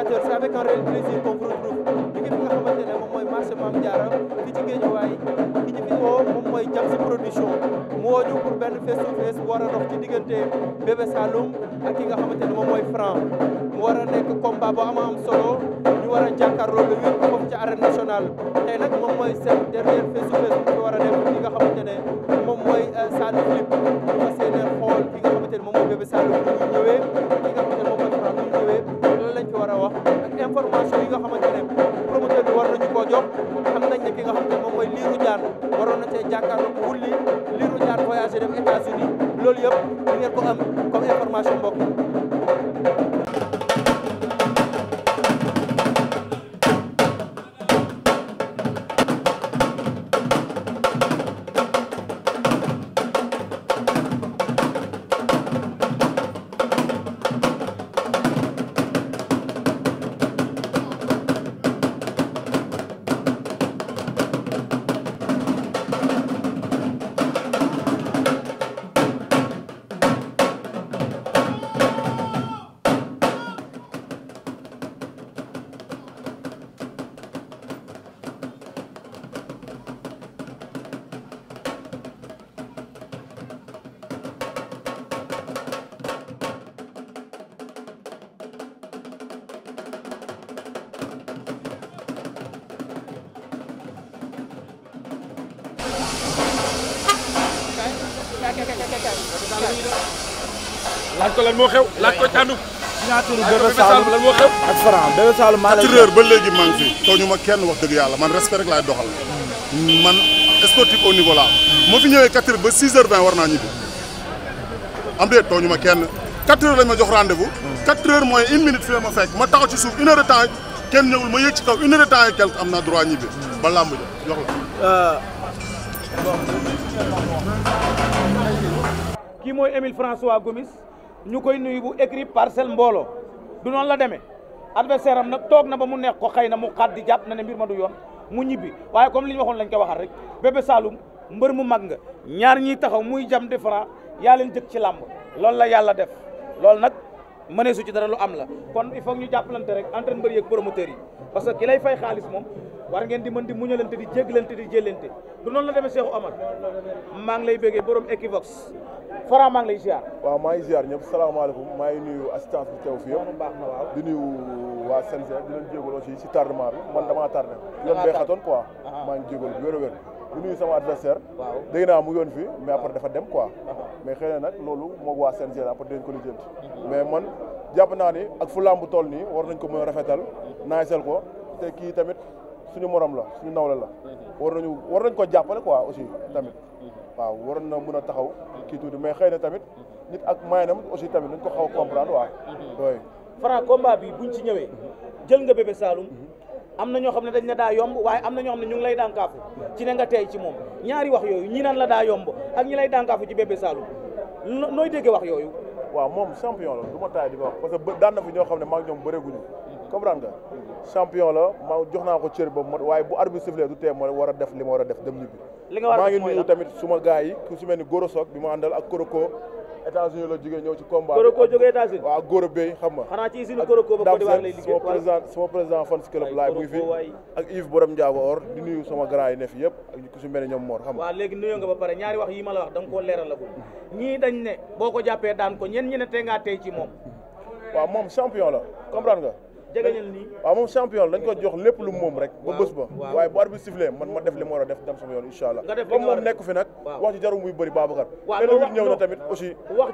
téléspectateurs c'est avec un réel plaisir qu'on vous retrouve ci ki nga xamante ne moom mooy marché Mame Diarra a ci Guédiawaye ki ñu fi woo moom war a dox ci diggante Bébé Saloum ak ki nga xamante moom mooy Franc mu war a nekk combat bu am am solo ñu war a jàkkaarloo le huit foofu ci arène nationale tey nag moom mooy seen dernier face to face bu a ki nga xamante moom mooy euh, Saloum Philippe bu fas yéene xool ki nga xamante moom mooy Bébé Saloum bu ñëwee information yi nga xamante ne promoteur war nañu koo xam nañ ne ki nga xam ne moom mooy Lirou Diane waroon na cee jàkkaarloo bu wulli Lirou Diane dem États-Unis loolu yëpp di ngeen ko am comme mbokk laaj ko lan moo xew laaj ko Thiandoum. signature Bébé ba léegi maa ngi fi. tooñu ma kenn wax dëgg yàlla man respect rek laay doxal. man sportif au niveau moo fi ñëwee 4 ba 6 heures 20 war naa ñibbi. am déet tooñu ma kenn 4 heures lañ ma jox rendez-vous. 4 heures mooy une minute fi ma fekk ma taxaw ci suuf une heure de temps kenn ñëwul ma yëg ci kaw une heure de temps et am na droit ñibbi. ba làmb jox la. Euh, kii mooy Émile François Gomis ñu koy nuyu bu écrit parcelle mbooloo du noonu la demee adversaire am nag toog na ba mu neex ko xëy na mu xaat di jàpp na ne mbir ma du yoon mu ñibbi waaye comme li ñu waxoon lañ koy waxal rek Bébé Saloum mbër mu mag nga ñaar ñiy taxaw muy jam di Franc yaa leen jëkk ci làmb loolu la yàlla def loolu nag mënee su ci dara lu am la kon il faut ñu jàppalante rek entre mbër yeeg promoteurs yi parce que ki lay fay xaalis moom war ngeen di man di muñalante di jéggalante di jëllante du noonu la demee Cheikh Omar maa ngi lay bëggee borom Equivox Fara maa ngi lay waaw maa ngi ziar ñëpp salaamaaleykum maa ngi nuyu assistance bi teew fii yëpp baax na waaw di nuyu waa CNG di leen jégalu aussi si tardement bi man damaa tardé yoon bee xatoon quoi maa ngi jégalu bi wér a wér di nuyu sama adversaire dégg naa mu yoon fii mais après dafa dem ko mais xëy na nag loolu moog waa CNG la après dañ ko lijjanti mhm. mais man jàpp naa ni ak fu làmb toll nii war nañ ko mën rafetal mhm. naay sel ko te tamit suñu moroom la suñu nawle la war na ñu war nañ ko jàppale quoi aussi tamit waaw waroon na mun a taxaw kii tuuti mais xëy na tamit nit ak maynam aussi tamit nañ ko xaw comprendre waaw faraa Franc bii bu ñu ci ñëwee jël nga bébé Saloum am na ñoo xam ne dañ ne daa yomb waaye am na ñoo xam ne ñu ngi lay dànkaafu ci ne nga tey ci moom ñaari wax yooyu ñii naan la daa yomb ak ñi lay dànkaafu ci bébé Saloum nooy déggee wax yooyu waaw moom champion la du ma taay di ko wax parce que daan na ñoo xam ne maa ngi ñoom bëreeguñu comprendre nga champion la ma jox naa ko cër boobu ma waaye bu arbitre sifflé du tee ma war a def li ma war a def dem ñibbi maa ngi nuyu tamit suma gars yi ku si mel ni Goro Sock bi ma àndal ak Koroko États-Unis la jógee ñëw ci combat bi. jógee États-Unis waaw góor a béy xam xanaa ci usine Koroko ba Côte d'Ivoire lay di nuyu sama grand yi ne yëpp ak ku si mel ne ñoom Mor xam nga. waaw léegi nuyoo nga ba pare ñaari wax yi ma la wax da nga koo leeralagul ñii dañ ne boo ko jàppee daan ko ñen ñi ne tey ci moom. waaw moom champion la comprendre nga waaw moom champion dañ ko jox lépp lu moom rek ba bés ba waaye bu arbitre sifflé man ma def li ma war a def dem sama insha allah comme moom nekk fi nag wax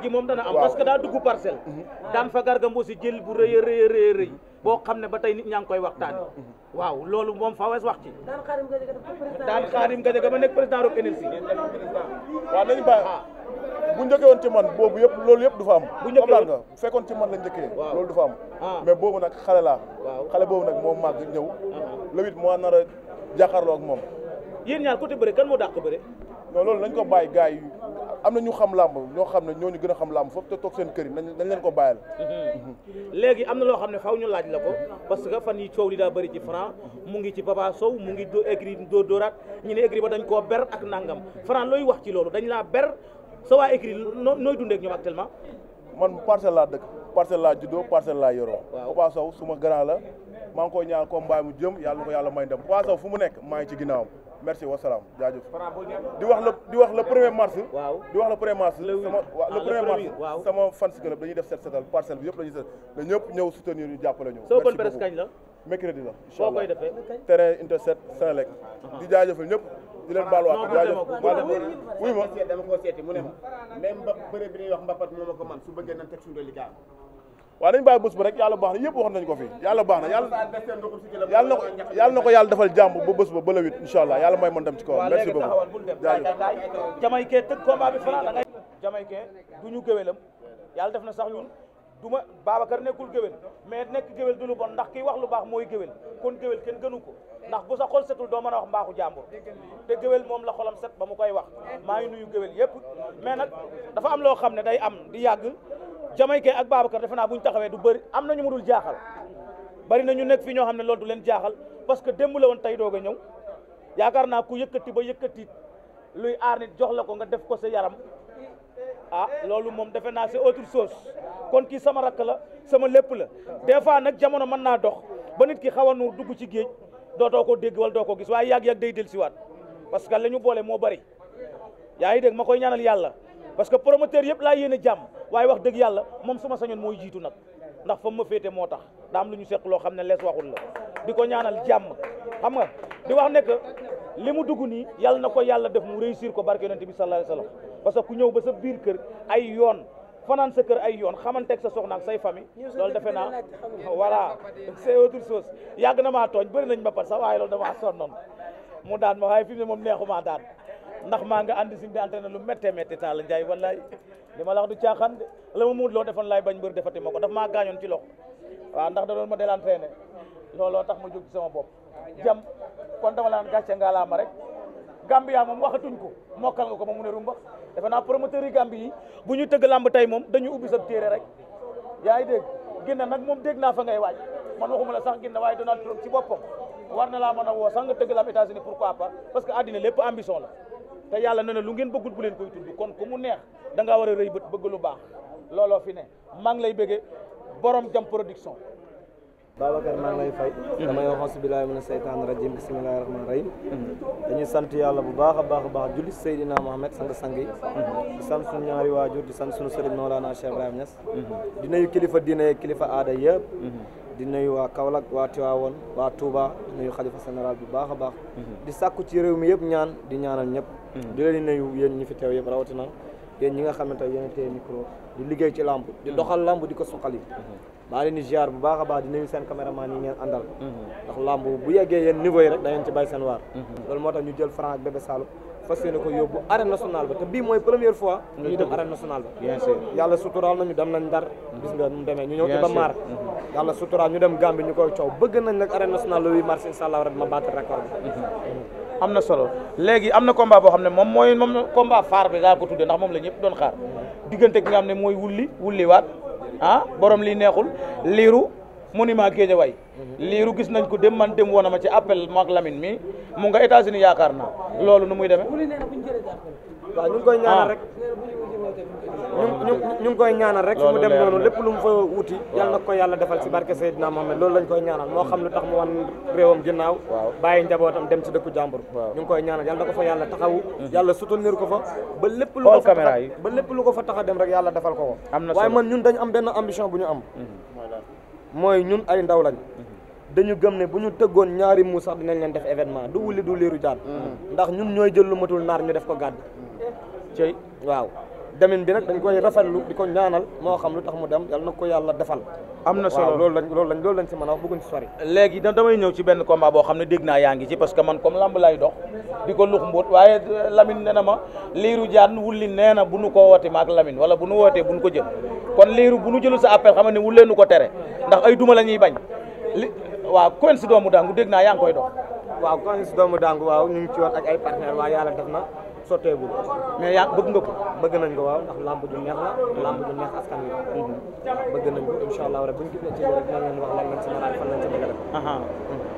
ji moom dana am parce que daa dugg parcelle mhm. daan fa garga mboosi jël bu rëy a rëy boo xam ne ba tey nit ñaa ngi koy waxtaane mhm. waaw loolu moom fa wees wax ci daan xaarim gadega ba nekk président rock énergie waaw nañ bàyyi ah. bu njëkkee woon ci man boobu yëpp loolu yëpp du fa am xam daal nga bu fekkoon ci man la njëkkee loolu du fa am ah. mais boobu nag xale laa xale boobu nag moom màgg ñëw uh-huh. le huit mois nar a jàkkaarloo ak moom yéen ñaar côté bëre kan moo dàq bëre non loolu nañ ko bàyyi gars yi am na ñu xam ñoo xam ne ñooñu gën a xam làmb foofu te toog seen kër yi nañ leen ko bàyyal mm-hmm. léegi am na loo xam ne faaw ñu laaj la ko parce que fan yi coow li daa bëri ci Franc mu ngi ci Papa Sow mu ngi do écrit doo dóoraat ñu ne écrit ba dañ koo ber ak nangam Franc looy wax ci loolu dañ laa ber sa waa écrit noo nooy dundee ak ñoom actuellement. man parcelle laa dëkk parcelle laa juddoo parcelle laa yoroo. waaw Papa Sow ma grand la maa ngi koy ñaan combat mu jëm yàlla na ko yàlla may ndam Papa fu mu nekk maa ngi ci ginnaawam merci wasalaam jaajëf. di wax la di wax le premier mars. di wax le premier mars. sama waaw le ah, premier dañuy def set setal parcelle bi yëpp la ñuy set mais ñëpp ñëw soutenir ñu jàppale ñu. merci beaucoup soo kon presse kañ la. mercredi la incha allah foo koy defee. terrain Interset Sénélec. Ah. di jaajëfal ñëpp. di leen baal waat ko seeti mu ne ma bi ñuy wax mbapat ba rek yàlla baax na na yàlla yàlla na ko na ko la wit incha allah yàlla may mën dem ci kawam merci beaucoup du ñu géwélam yàlla def na sax ñun du ma ka nekkul géwél mais nekk géwél du lu bon ndax kiy wax lu baax mooy géwél kon géwél kenn gënu ko ndax bu sa xol setul doo mën a wax mbaaxu jàmbur te géwél moom la xolam set ba mu koy wax maa ngi nuyu géwél yëpp mais nag dafa am loo xam ne day am di yàgg Jamaïcain ak Babacar defe naa bu ñu taxawee du bëri am na ñu mu dul jaaxal bari na ñu nekk fi ñoo xam ne loolu du leen jaaxal parce que démb la woon tey doog a ñëw yaakaar naa ku yëkkati ba yëkkati luy aar nit jox la ko nga def ko sa yaram ah loolu moom defe naa c'est autre chose kon kii sama rakk la sama lépp la des fois nag jamono mën naa dox ba nit ki xaw a nuur dugg ci géej dootoo ko dégg wal doo ko gis waaye yàgg-yàgg day dellusiwaat parce que la ñu boole moo bari yaa ngi dégg ma koy ñaanal yàlla parce que promoteur yëpp laa yéene jàmm waaye wax dëgg yàlla moom suma sañoon mooy jiitu nag ndax fa ma féete moo tax daa lu ñu seq loo xam ne lees waxul la di ko ñaanal jàmm xam nga di wax ne li mu dugg nii yàlla na ko yàlla def mu réussir ko barke na bi sallallahu alayhi wasallam parce que ku ñëw ba sa biir kër ay yoon fanaan sa kër ay yoon xamanteeg sa soxna ak say famille loolu defe naa voilà c'est autre chose yàgg na maa tooñ bëri nañ ma par sax waaye loolu damaa sonnoon mu daan ma waaye fi mu neexumaa daan ndax maa nga ànd si di entraîné lu méttee méttee taal njaay wallaay li ma la wax du caaxaan de la ma muut loo defoon laay bañ mbër defati ma ko daf maa gaañoon ci loxo waaw ndax da doon ma del entraîné looloo tax ma jug ci sama bopp jam kon dama laan gàcce ngaa laa rek Gambia moom waxatuñ ko mokkal nga ko moom mu ne rumbax defe naa promoteur yi Gambie yi bu ñu tëgg làmb tey moom dañu ubbi sa téere rek yaa ngi dégg ginna nag moom dégg naa fa ngay waaj man waxuma la sax ginna waaye Donald Trump ci boppam war na laa mën a woo sax nga tëgg làmb États-Unis pourquoi pas parce que àddina lépp ambition la te yàlla ne na lu ngeen bëggut bu leen koy tudd kon ku mu neex da ngaa war a rëy bët bëgg lu baax looloo fi ne maa ngi lay bëggee borom jam production Babacar maa ngi lay fay mm-hmm. damay waxoon si bilaay mën a seytaan rajim bisimilahi rahmaani rahim mm-hmm. dañuy sant yàlla bu baax a baax a baax julli Seydina Mohamed sant sang yi mm-hmm. di sant suñu ñaari waajur di sant suñu sëriñ Mawlana Cheikh Ibrahima Niass di nuyu kilifa diine kilifa aada yëpp di nuyu waa Kaolack waa Tiwaawoon waa Touba di nuyu xalifa général bu baax a baax di sàkku ci réew mi yëpp ñaan di ñaanal ñëpp di leen di nuyu yéen ñi fi teew yëpp rawatina yéen ñi nga xamante yéen a téye micro di ci làmb di doxal làmb di ko suqali maa leen di ziar bu baax a baax di nuyu seen caméraman yi ngeen àndal mhm. ndax làmb bu yeggee yéen niveau yi rek da ngeen ci bay seen waar mhm. loolu moo tax ñu jël Franc ak Bébé Saloum fas yéene ko yóbbu arène nationale ba te bii mooy première fois ñuy dem arène nationale ba yàlla suturaal nañu dem nañ Ndar mhm. gis mu demee ñu ñëw Iba Mar yàlla suturaal ñu dem Gambie ñu koy coow bëgg nañ nag arène nationale le 8 mars incha allah rek ma battre record bi na solo léegi am na combat boo xam ne moom mooy moom combat phare bi ko tuddee ndax moom la ñëpp doon xaar diggante gi nga xam ne mooy wulli ah borom lii neexul liiru mu ni maa monument way liiru gis nañ ko dem man dem woon na ma ci appel mag Lamine mi mu nga États-Unis yaakaar naa loolu nu muy demee. waaw ñu ngi koy ñaanal ah. ñu ñu ngi koy ñaanal rek fu mu dem noonu lépp lu mu fa wuti yàlla na ko yàlla defal si barke moom Mohamed loolu lañ koy ñaanal moo xam lu tax mu wan réewam ginnaaw bàyyi njabootam dem si dëkku jàmbur ñu ngi koy ñaanal yàlla na ko fa yàlla taxawu mhm. yàlla soutenir ko fa ba lépp lu ko fa ba lépp lu ko fa tax dem rek yàlla defal ko ko waaye man ñun dañu am benn ambition bu ñu am mhm. mooy ñun ay ndaw lañ mhm. dañu gëm ne bu ñu tëggoon ñaari muus sax dinañ leen def événement du wuli du liiru jaan ndax ñun ñooy jël lu matul naar ñu def ko gàdd cey waaw demin bi nag dañ koy rafetlu di ko ñaanal moo xam lu tax mu dem yàlla na ko yàlla defal. am na solo loolu lañ loolu lañ loolu lañ si mën a wax bëgguñ si léegi da damay ñëw ci benn combat boo xam ne dégg naa yaa ngi ci parce que man comme lamb ko lux mbóot waaye euh, Lamine nee na ma liiru jaan wulli nee na bu nu ko wootee ma ak wala bu nu wootee bu ko jël kon liiru bu nu jëlu sa appel xam ne wullee nu ko tere ndax ay duma la ñuy bañ li waaw Quench doomu dangu dégg naa yaa ngi koy dox. waaw Quench doomu dangu waaw ñu ngi ci woon ak ay partenaires waaw yàlla def na sotteegul mais yaa bëgg nga ko bëgg nañ ko waaw ndax lamb ju neex la lamb ju neex askan wi mhm. bëgg nañ ko incha allah rek buñ gisee ci rek dinañ leen wax lan lañ si mën a fan lañ si bëgg a def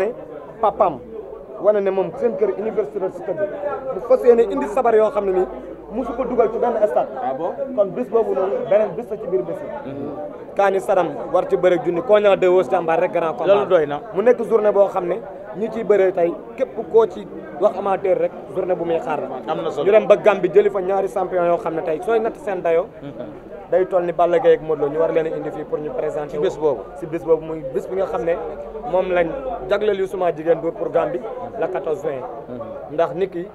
wane papam wane ne moom seen kër université la si tëdd bu fas yéene indi sabar yoo xam ne nii mosu ko dugal ci benn stade. Ah kon bis boobu noonu beneen bis la ci biir bés yi. Kaani saram war ci bëre junni koo ñëwaat de woo jàmbaar rek grand combat. na mu nekk journée boo xam ne ñi ci bëre tey képp koo ci wax amateur rek journée bu muy xaar am na solo ñu dem ba gàmbi jëli fa ñaari champion yoo xam ne tey sooy natt seen dayoo. day toll ni Balla Gaye ak Modou Lo ñu war leen a indi fii pour ñu présenter. ci bés boobu si bés boobu muy bés bi nga xam ne moom lañ jagleel yu suma jigéen buur pour Gambie la 14 juin. Mhm. ndax nit ki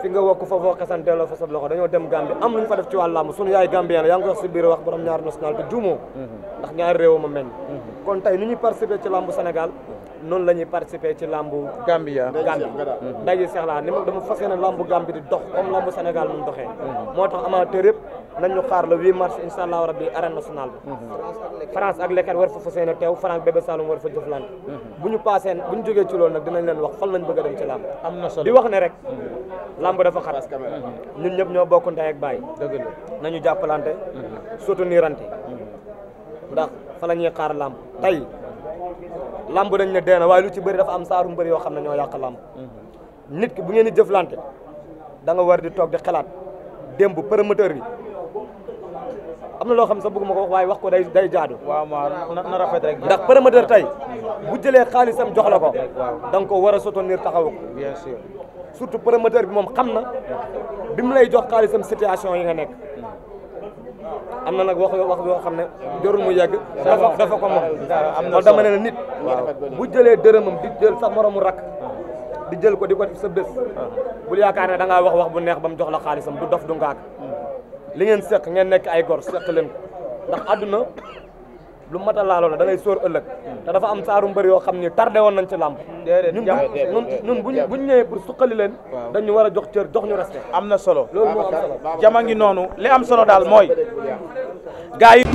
fi nga wokk fa foo xasan delloo fa loxo dañoo dem Gambie am lu ñu fa def ci wàllam sunu yaay Gambien la yaa ngi ko si biir wax borom ñaari national te juumoo. Mhm. ndax ñaari réew ma meññ. Mhm. kon tey ni ñuy participer ci làmbu senegal noonu la ñuy participer ci làmbu. Gambia Gambie ndaje Seex laa ni ma dama fas yéene làmbu Gambie di dox comme làmbu Sénégal moom doxee. moo tax amateur yëpp nañ ñu xaar la 8 mars incha allahu rabbi arène nationale bi France ak lekkat war fa fas yéene teew France bébé Saloum war fa jëflante mhm. bu ñu passé bu ñu jógee ci loolu nag dinañ leen wax fan lañ bëgg a dem ci làmb am na solo di wax ne rek mhm. làmb dafa xat mhm. ñun ñëpp ñoo bokk ndey ak baay dëgg la nañu jàppalante soutenirante ndax fa la ñuy xaar làmb tey làmb dañ ne deena waaye lu ci bëri dafa am saaru mbëri yoo xam ne ñoo yàq làmb nit ki bu ngeen di jëflante da nga war di toog di xalaat démb promoteur bi am na loo xam sax bëgguma ko waaye wax ko day day jaadu. waaw na rafet rek. ndax promoteur tey bu jëlee xaalisam jox la ko. da nga war a soutenir taxaw ko. bien sûr surtout promoteur bi moom xam na bi mu lay jox xaalisam situation yi nga nekk. am na nag wax wax yoo xam ne jarul mu yàgg dafa dafa ko moom kon dama ne nit bu jëlee dërëmam di jël sax moromu rakk di jël ko di ko sa bés ah. bul yaakaar ne da wax wax bu neex ba mu jox la xaalisam bu dof du li ngeen seq ngeen nekk ay gor seq leen ndax àdduna lu mat a laaloo la da ngay ëllëg dafa am saaru mbër yoo xam ni tardé woon nañ ci làmb ñun ñun ñun buñ buñ ñëwee pour suqali leen dañu war a jox cër jox ñu respect am na solo loolu moo am solo jama noonu li am solo daal mooy gars